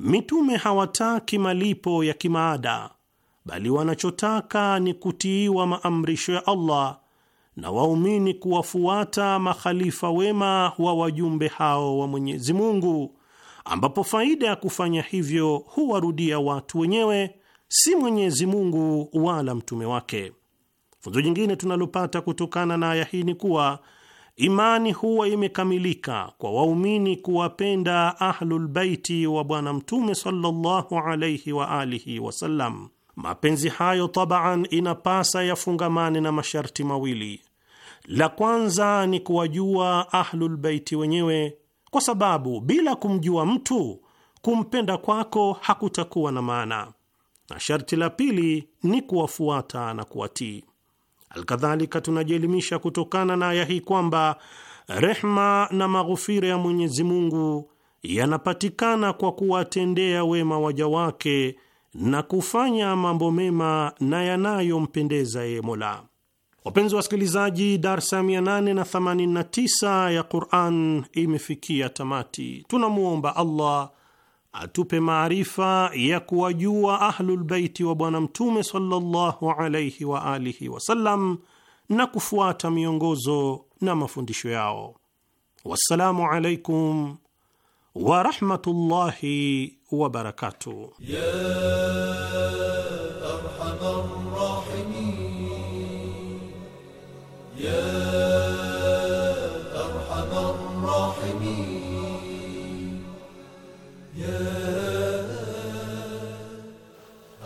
mitume hawataki malipo ya kimaada, bali wanachotaka ni kutiiwa maamrisho ya Allah na waumini kuwafuata makhalifa wema wa wajumbe hao wa Mwenyezi Mungu, ambapo faida ya kufanya hivyo huwarudia watu wenyewe si Mwenyezi Mungu wala mtume wake. Funzo jingine tunalopata kutokana na aya hii ni kuwa imani huwa imekamilika kwa waumini kuwapenda Ahlulbaiti wa Bwana Mtume sallallahu alaihi wa alihi wasallam. Mapenzi hayo tabaan, inapasa yafungamane na masharti mawili. La kwanza ni kuwajua Ahlulbaiti wenyewe, kwa sababu bila kumjua mtu kumpenda kwako hakutakuwa na maana na sharti la pili ni kuwafuata na kuwatii. Alkadhalika, tunajielimisha kutokana na aya hii kwamba rehma na maghufira ya Mwenyezi Mungu yanapatikana kwa kuwatendea wema waja wake na kufanya mambo mema na yanayompendeza yeye Mola. Wapenzi wasikilizaji, darsa 889 ya Quran imefikia tamati. Tunamwomba Allah atupe maarifa ya kuwajua Ahlulbeiti wa Bwana Mtume sallallahu alaihi wa alihi wasallam na kufuata miongozo na mafundisho yao. Wassalamu alaikum warahmatullahi wabarakatuh.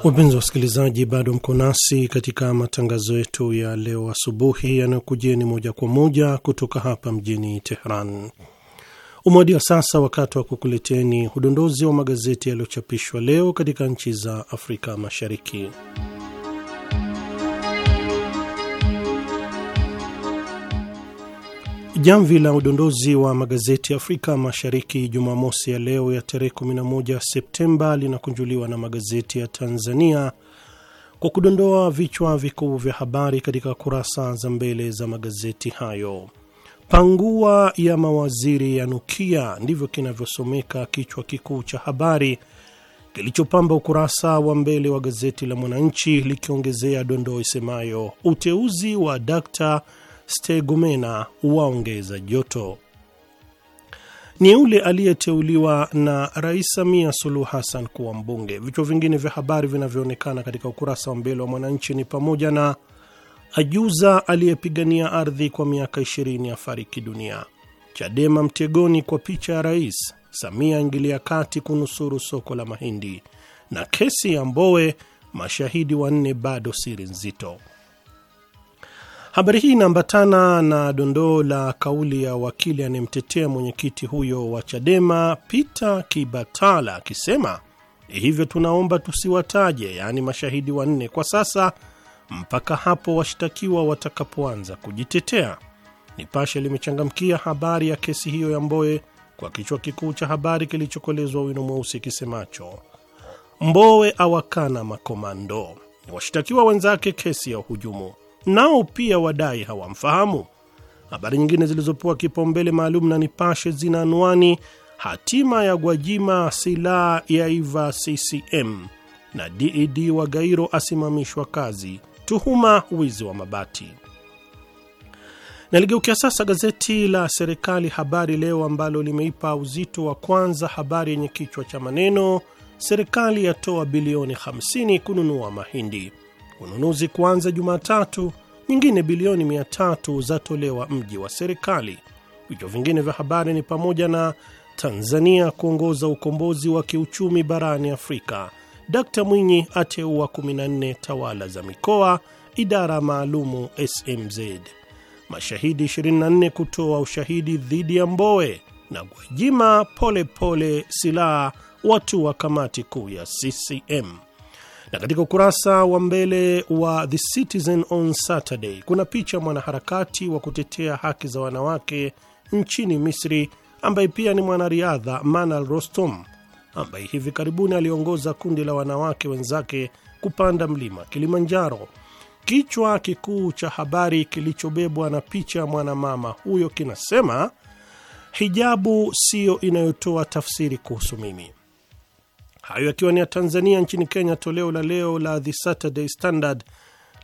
Wapenzi wa wasikilizaji, bado mko nasi katika matangazo yetu ya leo asubuhi yanayokujeni moja kwa moja kutoka hapa mjini Teheran. wa sasa wakati wa kukuleteni udondozi wa magazeti yaliyochapishwa leo katika nchi za Afrika Mashariki. Jamvi la udondozi wa magazeti Afrika Mashariki Jumamosi ya leo ya tarehe 11 Septemba linakunjuliwa na magazeti ya Tanzania kwa kudondoa vichwa vikuu vya habari katika kurasa za mbele za magazeti hayo. Pangua ya mawaziri ya nukia, ndivyo kinavyosomeka kichwa kikuu cha habari kilichopamba ukurasa wa mbele wa gazeti la Mwananchi, likiongezea dondoo isemayo uteuzi wa dkta Stegumena waongeza joto. Ni yule aliyeteuliwa na Rais Samia Suluhu Hassan kuwa mbunge. Vichwa vingine vya habari vinavyoonekana katika ukurasa wa mbele wa Mwananchi ni pamoja na ajuza aliyepigania ardhi kwa miaka 20 afariki dunia, Chadema mtegoni kwa picha ya rais, Samia ingilia kati kunusuru soko la mahindi, na kesi ya Mbowe mashahidi wanne bado siri nzito. Habari hii inaambatana na dondoo la kauli ya wakili anayemtetea mwenyekiti huyo wa Chadema Peter Kibatala akisema eh, hivyo tunaomba tusiwataje, yaani mashahidi wanne kwa sasa, mpaka hapo washtakiwa watakapoanza kujitetea. Nipashe limechangamkia habari ya kesi hiyo ya mboe kwa kichwa kikuu cha habari kilichokolezwa wino mweusi kisemacho Mbowe awakana makomando, ni washtakiwa wenzake kesi ya uhujumu nao pia wadai hawamfahamu. Habari nyingine zilizopewa kipaumbele maalum na Nipashe zina anwani hatima ya Gwajima silaha yaiva CCM na DED e wa Gairo asimamishwa kazi tuhuma wizi wa mabati. Naligeukia sasa gazeti la serikali Habari Leo ambalo limeipa uzito wa kwanza habari yenye kichwa cha maneno serikali yatoa bilioni 50 kununua mahindi ununuzi kuanza Jumatatu, nyingine bilioni mia tatu zatolewa mji wa serikali. Vichwa vingine vya habari ni pamoja na Tanzania kuongoza ukombozi wa kiuchumi barani Afrika, Dkt Mwinyi ateua 14 tawala za mikoa, idara maalumu SMZ, mashahidi 24 kutoa ushahidi dhidi ya Mbowe na Gwajima polepole silaha watu wa kamati kuu ya CCM. Na katika ukurasa wa mbele wa The Citizen on Saturday kuna picha mwanaharakati wa kutetea haki za wanawake nchini Misri ambaye pia ni mwanariadha Manal Rostom ambaye hivi karibuni aliongoza kundi la wanawake wenzake kupanda mlima Kilimanjaro. Kichwa kikuu cha habari kilichobebwa na picha ya mwanamama huyo kinasema hijabu siyo inayotoa tafsiri kuhusu mimi. Hayo yakiwa ni ya Tanzania. Nchini Kenya, toleo la leo la The Saturday Standard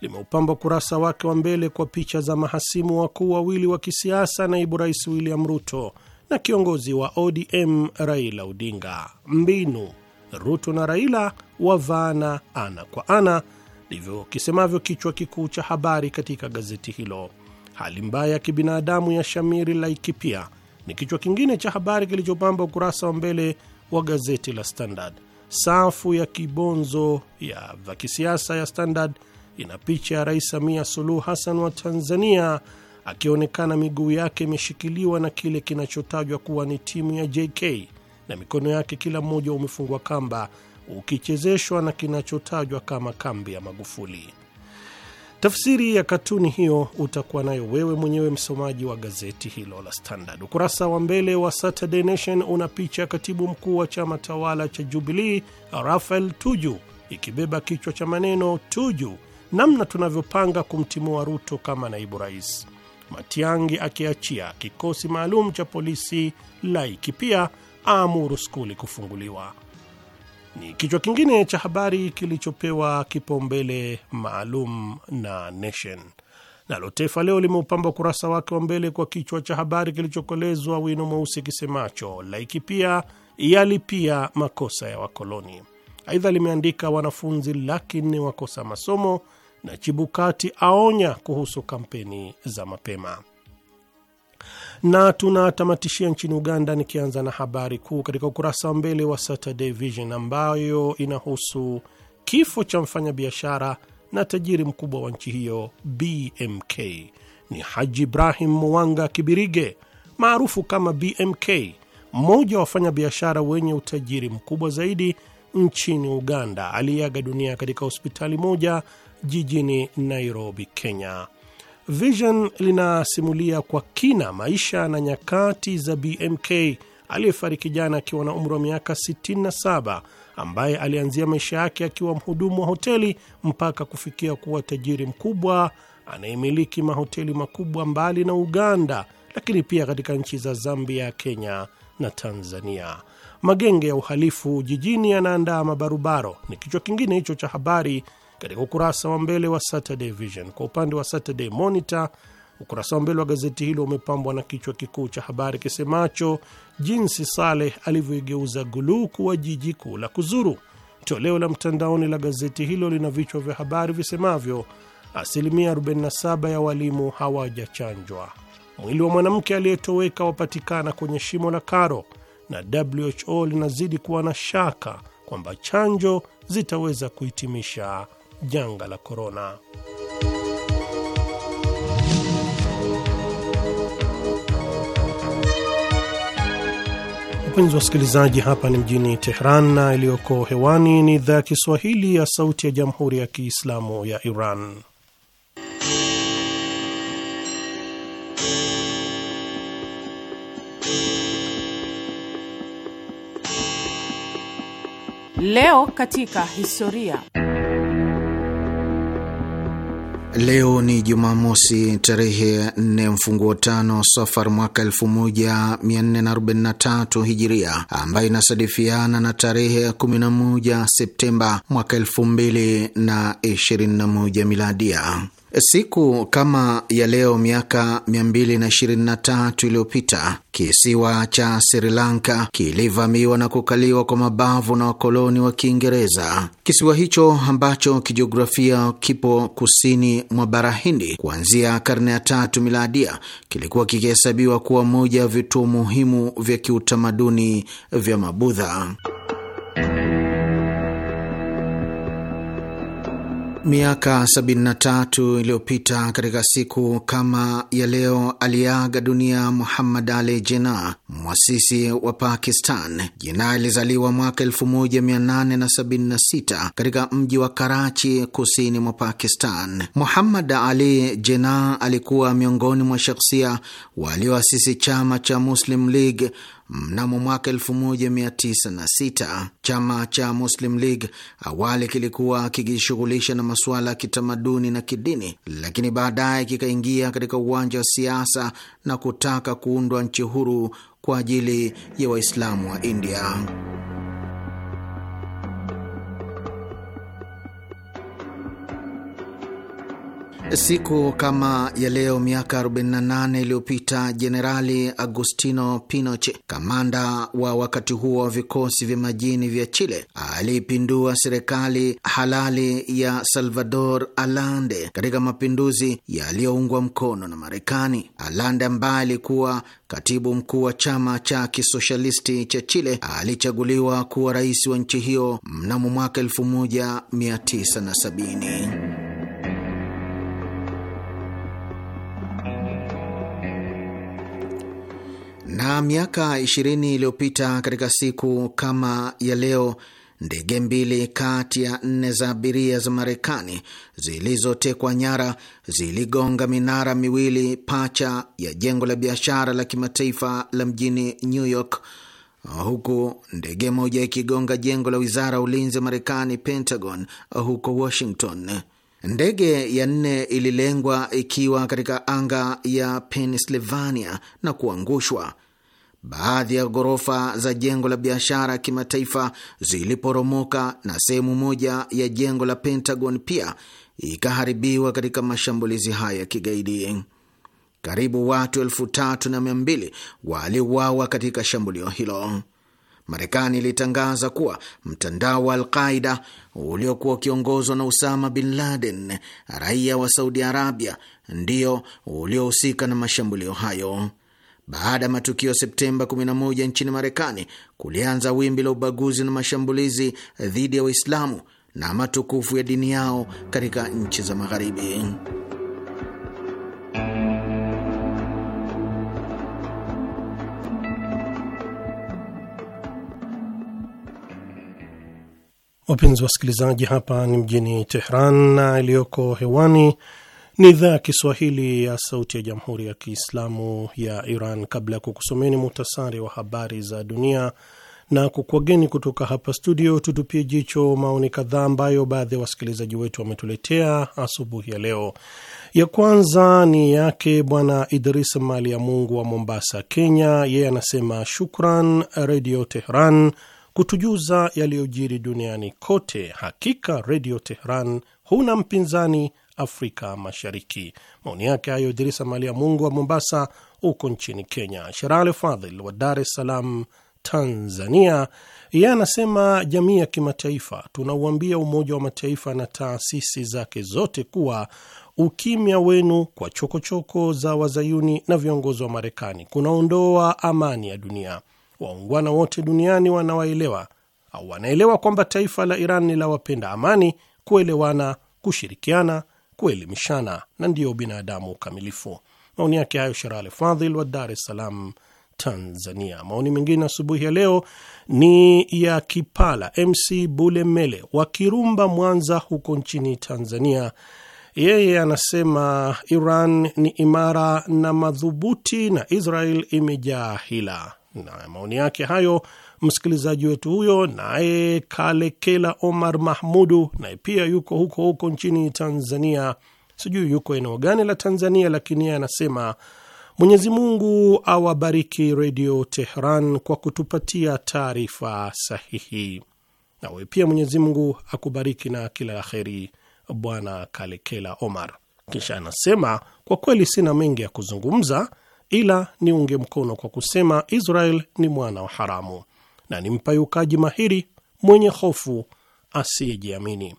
limeupamba ukurasa wake wa mbele kwa picha za mahasimu wakuu wawili wa kisiasa, naibu rais William Ruto na kiongozi wa ODM Raila Odinga. Mbinu Ruto na Raila wavaana ana kwa ana, ndivyo kisemavyo kichwa kikuu cha habari katika gazeti hilo. Hali mbaya ya kibinadamu ya Shamiri Laikipia ni kichwa kingine cha habari kilichopamba ukurasa wa mbele wa gazeti la Standard safu ya kibonzo ya vya kisiasa ya Standard ina picha ya Rais Samia Suluhu Hassan wa Tanzania akionekana miguu yake imeshikiliwa na kile kinachotajwa kuwa ni timu ya JK na mikono yake kila mmoja umefungwa kamba ukichezeshwa na kinachotajwa kama kambi ya Magufuli. Tafsiri ya katuni hiyo utakuwa nayo wewe mwenyewe msomaji wa gazeti hilo la Standard. Ukurasa wa mbele wa Saturday Nation una picha ya katibu mkuu wa chama tawala cha Jubilee rafael Tuju ikibeba kichwa cha maneno Tuju, namna tunavyopanga kumtimua Ruto kama naibu rais. Matiangi akiachia kikosi maalum cha polisi laiki, pia aamuru skuli kufunguliwa ni kichwa kingine cha habari kilichopewa kipaumbele maalum na Nation. Nalo Taifa Leo limeupamba ukurasa wake wa mbele kwa kichwa cha habari kilichokolezwa wino mweusi kisemacho Laikipia yalipia makosa ya wakoloni. Aidha limeandika wanafunzi laki nne wakosa masomo na Chibukati aonya kuhusu kampeni za mapema. Na tunatamatishia nchini Uganda, nikianza na habari kuu katika ukurasa wa mbele wa Saturday Vision ambayo inahusu kifo cha mfanyabiashara na tajiri mkubwa wa nchi hiyo BMK. Ni Haji Ibrahim Mwanga Kibirige maarufu kama BMK, mmoja wa wafanyabiashara wenye utajiri mkubwa zaidi nchini Uganda, aliyeaga dunia katika hospitali moja jijini Nairobi, Kenya. Vision linasimulia kwa kina maisha na nyakati za BMK aliyefariki jana akiwa na umri wa miaka 67 ambaye alianzia maisha yake akiwa mhudumu wa hoteli mpaka kufikia kuwa tajiri mkubwa anayemiliki mahoteli makubwa mbali na Uganda, lakini pia katika nchi za Zambia, Kenya na Tanzania. Magenge ya uhalifu jijini yanaandaa mabarobaro, ni kichwa kingine hicho cha habari katika ukurasa wa mbele wa Saturday Vision. Kwa upande wa Saturday Monitor, ukurasa wa mbele wa gazeti hilo umepambwa na kichwa kikuu cha habari kisemacho jinsi Saleh alivyoigeuza Guluu kuwa jiji kuu la kuzuru. Toleo la mtandaoni la gazeti hilo lina vichwa vya habari visemavyo: asilimia 47 ya walimu hawajachanjwa, mwili wa mwanamke aliyetoweka wapatikana kwenye shimo la karo, na WHO linazidi kuwa na shaka kwamba chanjo zitaweza kuhitimisha janga la korona. Wapenzi wasikilizaji, hapa ni mjini Tehran na iliyoko hewani ni idhaa ya Kiswahili ya Sauti ya Jamhuri ya Kiislamu ya Iran. Leo katika historia Leo ni Jumamosi, tarehe 4 mfunguo tano Safar mwaka 1443 Hijiria, ambayo inasadifiana na tarehe 11 Septemba mwaka 2021 Miladia. Siku kama ya leo miaka 223 iliyopita kisiwa cha Sri Lanka kilivamiwa na kukaliwa kwa mabavu na wakoloni wa Kiingereza. Kisiwa hicho ambacho kijiografia kipo kusini mwa bara Hindi, kuanzia karne ya tatu miladia, kilikuwa kikihesabiwa kuwa moja ya vituo muhimu vya kiutamaduni vya Mabudha. Miaka 73 iliyopita katika siku kama ya leo aliaga dunia Muhammad Ali Jinnah, mwasisi wa Pakistan. Jinnah alizaliwa mwaka 1876 katika mji wa Karachi, kusini mwa Pakistan. Muhammad Ali Jinnah alikuwa miongoni mwa shakhsia walioasisi chama cha Muslim League mnamo mwaka 1906. Chama cha Muslim League awali kilikuwa kikishughulisha na masuala ya kitamaduni na kidini, lakini baadaye kikaingia katika uwanja wa siasa na kutaka kuundwa nchi huru kwa ajili ya Waislamu wa India. Siku kama ya leo miaka 48 iliyopita Jenerali Agustino Pinoche, kamanda wa wakati huo wa vikosi vya majini vya Chile, aliipindua serikali halali ya Salvador Allende katika mapinduzi yaliyoungwa mkono na Marekani. Allende ambaye alikuwa katibu mkuu wa chama cha kisoshalisti cha Chile alichaguliwa kuwa rais wa nchi hiyo mnamo mwaka 1970. Na miaka 20 iliyopita katika siku kama ya leo ndege mbili kati ya nne za abiria za Marekani zilizotekwa nyara ziligonga minara miwili pacha ya jengo la biashara la kimataifa la mjini New York, huku ndege moja ikigonga jengo la wizara ya ulinzi wa Marekani, Pentagon, huko Washington. Ndege ya nne ililengwa ikiwa katika anga ya Pennsylvania na kuangushwa. Baadhi ya ghorofa za jengo la biashara ya kimataifa ziliporomoka na sehemu moja ya jengo la Pentagon pia ikaharibiwa katika mashambulizi haya ya kigaidi. Karibu watu elfu tatu na mia mbili waliuawa katika shambulio hilo. Marekani ilitangaza kuwa mtandao wa Alqaida uliokuwa ukiongozwa na Usama bin Laden, raia wa Saudi Arabia, ndio uliohusika na mashambulio hayo. Baada ya matukio ya Septemba 11 nchini Marekani, kulianza wimbi la ubaguzi na mashambulizi dhidi ya Waislamu na matukufu ya dini yao katika nchi za Magharibi. Wapenzi wasikilizaji, hapa ni mjini Tehran na iliyoko hewani ni idhaa ya Kiswahili ya Sauti ya Jamhuri ya Kiislamu ya Iran. Kabla ya kukusomeni muhtasari wa habari za dunia na kukuageni kutoka hapa studio, tutupie jicho maoni kadhaa ambayo baadhi ya wasikilizaji wetu wametuletea asubuhi ya leo. Ya kwanza ni yake Bwana Idris Mali ya Mungu wa Mombasa, Kenya. Yeye anasema shukran Redio Tehran kutujuza yaliyojiri duniani kote. Hakika Redio Tehran huna mpinzani Afrika Mashariki. Maoni yake hayo Idrisa Malia Mungu wa Mombasa huko nchini Kenya. Sherale Fadhil wa Dar es Salaam Tanzania, yeye anasema jamii ya kimataifa, tunauambia Umoja wa Mataifa na taasisi zake zote kuwa ukimya wenu kwa chokochoko choko za wazayuni na viongozi wa Marekani kunaondoa amani ya dunia. Waungwana wote duniani wanawaelewa au wanaelewa kwamba taifa la Iran ni la wapenda amani, kuelewana, kushirikiana kuelimishana, na ndiyo binadamu ukamilifu Maoni yake hayo Sherale Fadhil wa Dar es Salaam, Tanzania. Maoni mengine asubuhi ya leo ni ya Kipala MC Bulemele wa Kirumba, Mwanza, huko nchini Tanzania. Yeye anasema Iran ni imara na madhubuti na Israel imejaa hila, na maoni yake hayo Msikilizaji wetu huyo naye Kalekela Omar Mahmudu naye pia yuko huko huko nchini Tanzania, sijui yuko eneo gani la Tanzania, lakini yeye anasema Mwenyezi Mungu awabariki Redio Tehran kwa kutupatia taarifa sahihi. Nawe pia Mwenyezi Mungu akubariki na kila la heri, Bwana Kalekela Omar. Kisha anasema kwa kweli sina mengi ya kuzungumza, ila niunge mkono kwa kusema Israel ni mwana wa haramu na ni mpayukaji mahiri mwenye hofu asiyejiamini.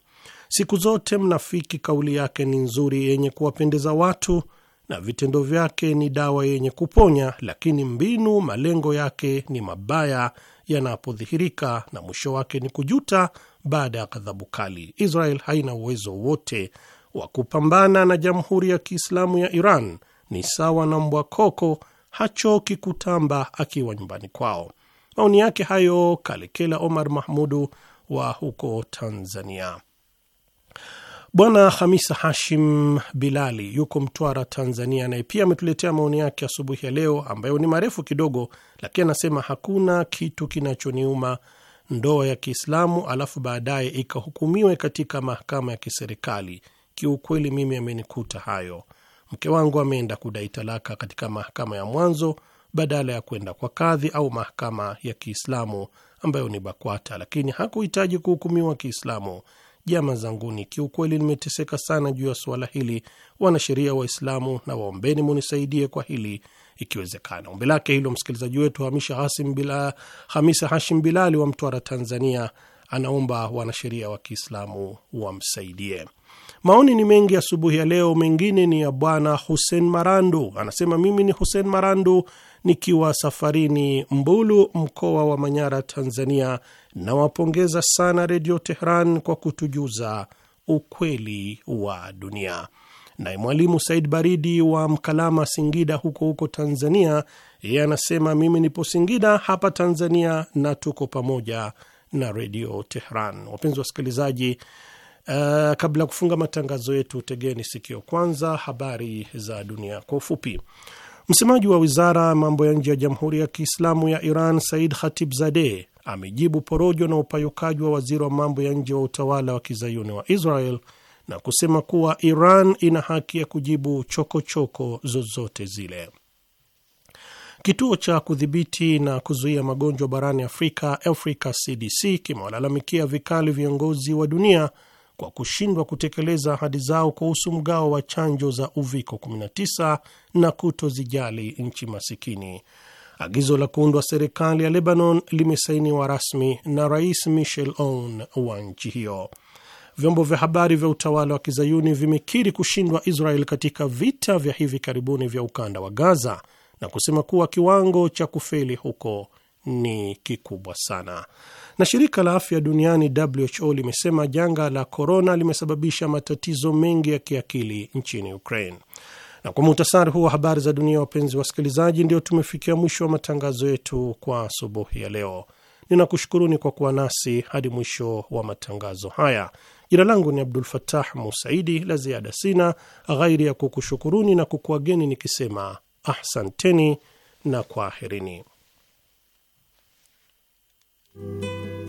Siku zote mnafiki kauli yake ni nzuri yenye kuwapendeza watu na vitendo vyake ni dawa yenye kuponya, lakini mbinu, malengo yake ni mabaya yanapodhihirika, na mwisho wake ni kujuta baada ya ghadhabu kali. Israel haina uwezo wote wa kupambana na Jamhuri ya Kiislamu ya Iran, ni sawa na mbwa koko, hachoki kutamba akiwa nyumbani kwao. Maoni yake hayo Kalekela Omar Mahmudu wa huko Tanzania. Bwana Hamisa Hashim Bilali yuko Mtwara, Tanzania, naye pia ametuletea maoni yake asubuhi ya leo ambayo ni marefu kidogo, lakini anasema hakuna kitu kinachoniuma ndoa ya Kiislamu alafu baadaye ikahukumiwe katika mahakama ya kiserikali. Kiukweli mimi amenikuta hayo. Mke wangu ameenda kudai talaka katika mahakama ya mwanzo badala ya kwenda kwa kadhi au mahakama ya Kiislamu ambayo ni BAKWATA, lakini hakuhitaji kuhukumiwa Kiislamu. Jama zanguni, kiukweli nimeteseka sana juu ya suala hili. Wanasheria Waislamu na waombeni munisaidie kwa hili ikiwezekana. Ombi lake hilo msikilizaji wetu Hamisa Hashim Bilali wa Mtwara, Tanzania, anaomba wanasheria wa Kiislamu wamsaidie. Maoni ni mengi asubuhi ya leo, mengine ni ya Bwana Hussein Marandu, anasema mimi ni Hussein Marandu nikiwa safarini Mbulu, mkoa wa Manyara, Tanzania. Nawapongeza sana Redio Tehran kwa kutujuza ukweli wa dunia. Naye mwalimu Said Baridi wa Mkalama, Singida, huko huko Tanzania, yeye anasema mimi nipo Singida hapa Tanzania na tuko pamoja na Redio Tehran. Wapenzi wasikilizaji, Uh, kabla ya kufunga matangazo yetu, tegeni sikio kwanza habari za dunia kwa ufupi. Msemaji wa wizara ya mambo ya nje ya Jamhuri ya Kiislamu ya Iran Said Khatibzadeh amejibu porojo na upayukaji wa waziri wa mambo ya nje wa utawala wa kizayuni wa Israel na kusema kuwa Iran ina haki ya kujibu chokochoko choko zozote zile. Kituo cha kudhibiti na kuzuia magonjwa barani Afrika, Africa CDC, kimewalalamikia vikali viongozi wa dunia kwa kushindwa kutekeleza ahadi zao kuhusu mgao wa chanjo za uviko 19 na kutozijali nchi masikini. Agizo la kuundwa serikali ya Lebanon limesainiwa rasmi na Rais Michel Aoun wa nchi hiyo. Vyombo vya habari vya utawala wa kizayuni vimekiri kushindwa Israel katika vita vya hivi karibuni vya ukanda wa Gaza na kusema kuwa kiwango cha kufeli huko ni kikubwa sana. Na shirika la afya duniani WHO limesema janga la korona limesababisha matatizo mengi ya kiakili nchini Ukraine. Na kwa muhtasari huu wa habari za dunia, wapenzi wasikilizaji, ndio tumefikia mwisho wa matangazo yetu kwa asubuhi ya leo. Ninakushukuruni kwa kuwa nasi hadi mwisho wa matangazo haya. Jina langu ni Abdul fatah Musaidi. La ziada sina ghairi ya kukushukuruni na kukuageni nikisema ahsanteni na kwaherini. Música